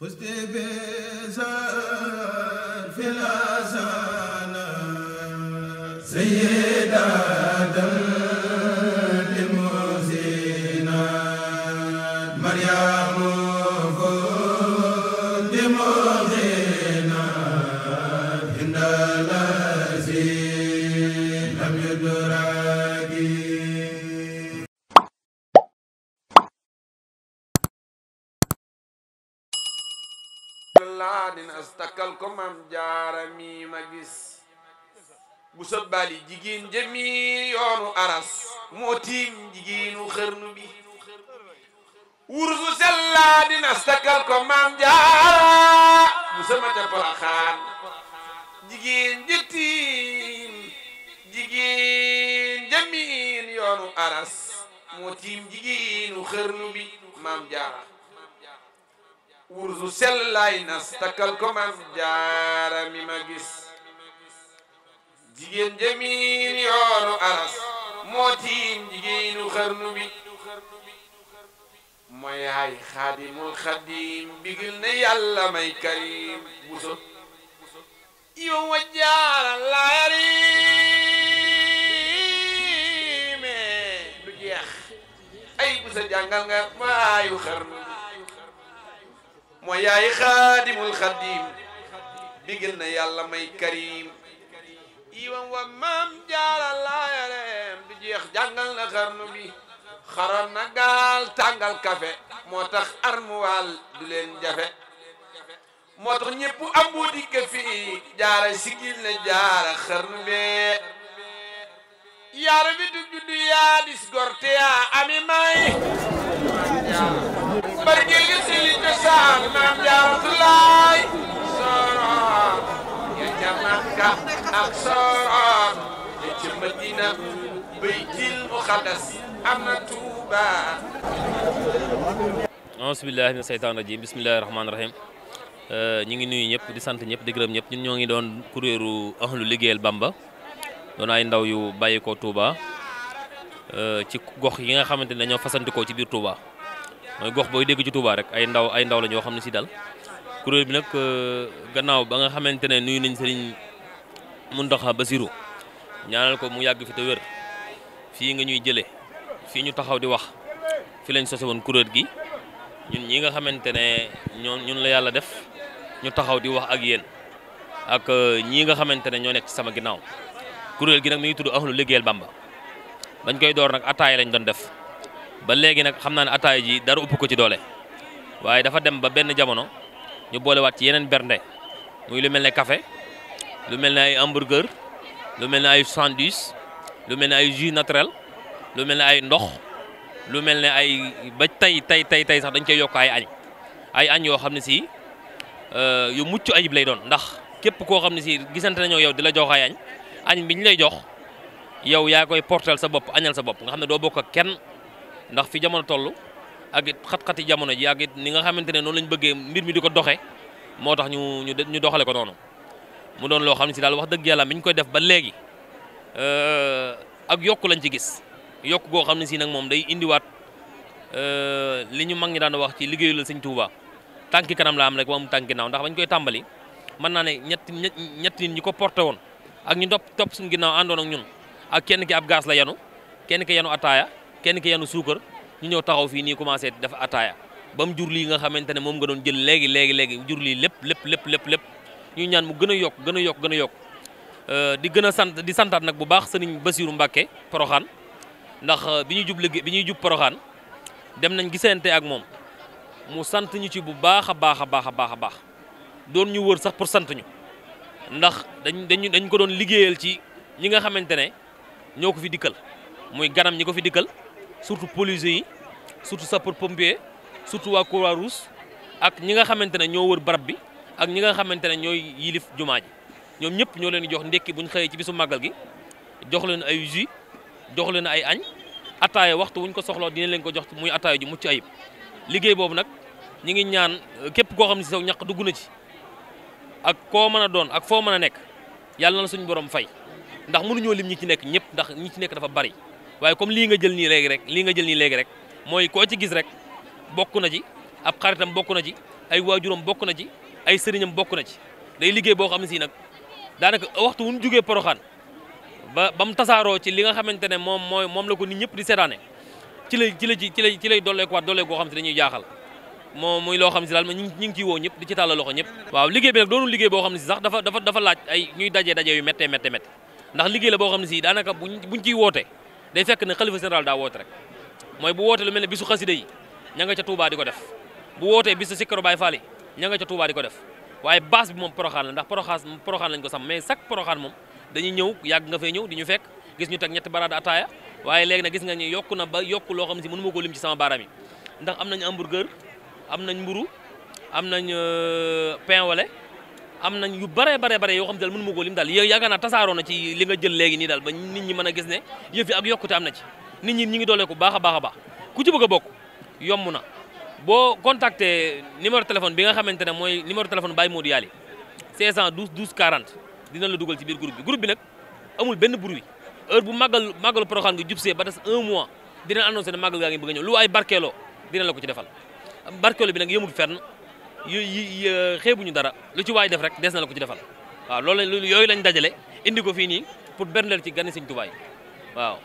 فزت بزار في الأزال سيدة مريم la dina astakal ko mam jaara mi ma bu sobbali jigéen jëmi yoonu aras moo tiim jigéenu xërnu bi wursu sellaa dina stakal ko maam jaara bu sama ta yoonu aras moo tiim jigéenu xërnu bi maam jaara wursu sellaay nas ko mas jaara ma gis jigéen jamiin yoonu aras moo tiim jigéenu xarnu bi mooy yaay xaadimul xadim bigil ne yàlla may karim buso yow ma jaara laarime du jeex ay busa jàngal nga maayu xarnu mooy yaay xaadimul xadim bigil na yàlla may karim iwam wa maam jaara laayareem du jeex jàngal na xarnu bi xaram na gaal tàngal kafe moo tax armuwaal du leen jafe moo tax ñëpp ambu dikka fii jaara sigil na jaara xarnu bee yaara bi du juddu yaa dis gorte yaa ami may imam jaaratullaay soroon ya ca Makka ak soroon ya ca Madina baytil muqaddas am na Tuuba auzu billaahi mina rajiim bismillaahi rahmaani rahiim ñu ngi nuyu ñëpp di sant ñëpp di gërëm ñëpp ñun ñoo ngi doon kuréelu ahlu liggéeyal Bamba doon ndaw yu bàyyi ko Touba ci gox yi nga xamante ne dañoo fasantikoo ci biir Touba mooy gox booy dégg ci Touba rek ay ndaw ay ndaw la ñoo xam ne si daal kuréel bi nag euh, gannaaw ba nga xamante ne nuyu nañ mun Serigne Mountakha Bassirou ñaanal ko mu yàgg fi te wér fii nga ñuy jëlee fii ñu taxaw di wax fi lañ sose woon kuréel gi ñun ñi nga xamante ne ñoon ñun la yàlla def ñu taxaw di wax ak yéen ak euh, ñii nga xamante ne ñoo nekk ci sama ginnaaw kuréel gi nag mi ngi tudd ahlu liggéeyal Bamba bañ koy door nag ataaya lañ doon def ba léegi nag xam naa ne ataay ji dara upp ko ci doole waaye dafa dem ba benn jamono ñu boolewaat ci yeneen bernde muy lu mel ne kafe lu mel ne ay hamburger lu mel ne ay sandwich lu mel ne ay jus naturel lu mel ne ay ndox lu mel ne ay ba tey tey tey tey sax dañ koy yokk ay añ ay añ yoo xam ne si euh, yu mucc ayib lay doon ndax képp koo xam ne si gisante nañoo yow di la jox ay añ añ bi ñu lay jox yow yaa koy portel sa bopp añal sa bopp nga xam ne doo bokk ak kenn. ndax fi jamono toll ag it xat-xati jamono ji ak it ni nga xamante ne noonu lañ bëggee mbir mi di ko doxe moo tax ñu ñu doxale ko noonu mu doon loo xam ne si daal wax dëgg yàlla mi ñu koy def ba léegi euh, ak yokk lañ ci gis yokk goo xam ne si nag moom day indiwaat euh, li ñu mag ñi daan wax ci liggéeyu la sëñ Touba tànki kanam la am rek moom tànk naaw ndax bañ koy tàmbali mën naa ne ñett ñett ñi ko porté woon ak ñu topp topp suñu ginnaaw àndoon ak ñun ak kenn ki ab la yanu kenn ki yanu suukar ñu ñëw taxaw fii nii commencé dafa ataaya ba mu jur lii nga xamante ne moom nga doon jël léegi léegi léegi jur lii lépp lépp lépp lépp lépp ñu ñaan mu gën a yokk gën a yokk gën a yokk euh, di gën a sant di santaat nag bu baax sëriñ basiiru Mbàkke Poroxaan ndax euh, bi ñuy jub bi ñuy jub Poroxaan dem nañ gisante ak moom mu sant ñu ci bu baax a baax a baax a baax a baax doon ñu wër sax pour sant ñu ndax dañ dañ dañ ko doon liggéeyal ci ñi nga xamante ne ñoo ko fi dikkal muy ganam ñi ko fi dikkal surtout policiers yi surtout sapeur pompier surtout waa Croix-Rouge ak ñi nga xamante ne ñoo wër barab bi ak ñi nga xamante ne ñooy yilif jumaa ji ñoom ñëpp ñoo leen jox ndekki bu ñu xëyee ci bisu màggal gi jox leen ay jus jox leen ay añ attaaya waxtu wuñ ko soxloo dina leen ko jox muy attaaya ju mucc ayib liggéey boobu nag ñi ngi ñaan euh, képp koo xam ne si saw ñaq dugg na ci ak koo mën a doon ak foo mën a nekk yàlla na la suñu borom fay ndax mënuñoo lim ñi ci nekk ñëpp ndax ñi ci nekk dafa bari waaye comme lii nga jël nii léegi rek lii nga jël nii léegi rek mooy ko ci gis rek bokk na ci ab xaritam bokk na ci ay waajuram bokk na ci ay sëriñam bokk na ci day liggéey boo xam ne si nag daanaka waxtu wu ñu jugee poroxaan ba ba mu tasaaroo ci li nga xamante ne moom mooy moom la ko ñëpp di seetaane ci lay ci lay ci lay ci lay dolleekuwaat dollee koo xam ne dañuy jaaxal moo muy loo xam si daal ma ñu ngi ciy woo ñëpp di ci tàllal loxo ñëpp waaw liggéey bi nag doonul liggéey ne si dafa dafa dafa laaj ay ñuy dajee dajee yu méttee méttee ndax liggéey la boo xam ne si daanaka buñ buñ ci wootee day fekk ne xalifa général daa woote rek mooy bu wootee lu mel ne bisu xasida yi ña nga ca Touba di ko def bu wootee bisu sikkaru Baay Faal yi ña nga ca Touba di ko def waaye base bi moom poroxaan la ndax poroxaan poroxaan lañ ko sam mais chaque poroxaan moom dañuy ñëw yàgg nga fee ñëw di ñu fekk gis ñu teg ñetti baraada ataaya waaye léegi nag gis nga ñu yokk na ba yokk loo xam ne si mënu ma koo lim ci sama baaraam yi ndax am nañ hamburger am nañ mburu am nañ euh, pain au am nañ yu bare bare bare yoo xam te daal mënu ma koo lim daal yow yaakaar naa na ci li nga jël léegi nii daal ba nit ñi mën a gis ne yëf yi ak yokkute am na ci nit ñi ñi ngi doolee ko baax a baax a baax ku ci bëgg a bokk yomb na boo contacté numéro téléphone bi nga xamante ne mooy numéro téléphone Baye Modou Yaali 512 12 40 dina la dugal ci biir groupe bi groupe nag amul benn bruit heure bu màggal màggalu Porokhane nga jubsee ba des un mois dina annoncé ne màggal gaa ngi bëgg a ñëw ay waay barkeeloo dina la ko ci defal barkeeloo bi nag yëmul fenn yu xeebuñu dara lu ci waay def rek des na la ko ci defal waaw loolu lañ yooyu lañ dajale indi ko fii nii pour berndeel ci gani Sëñ Tuubaa waaw.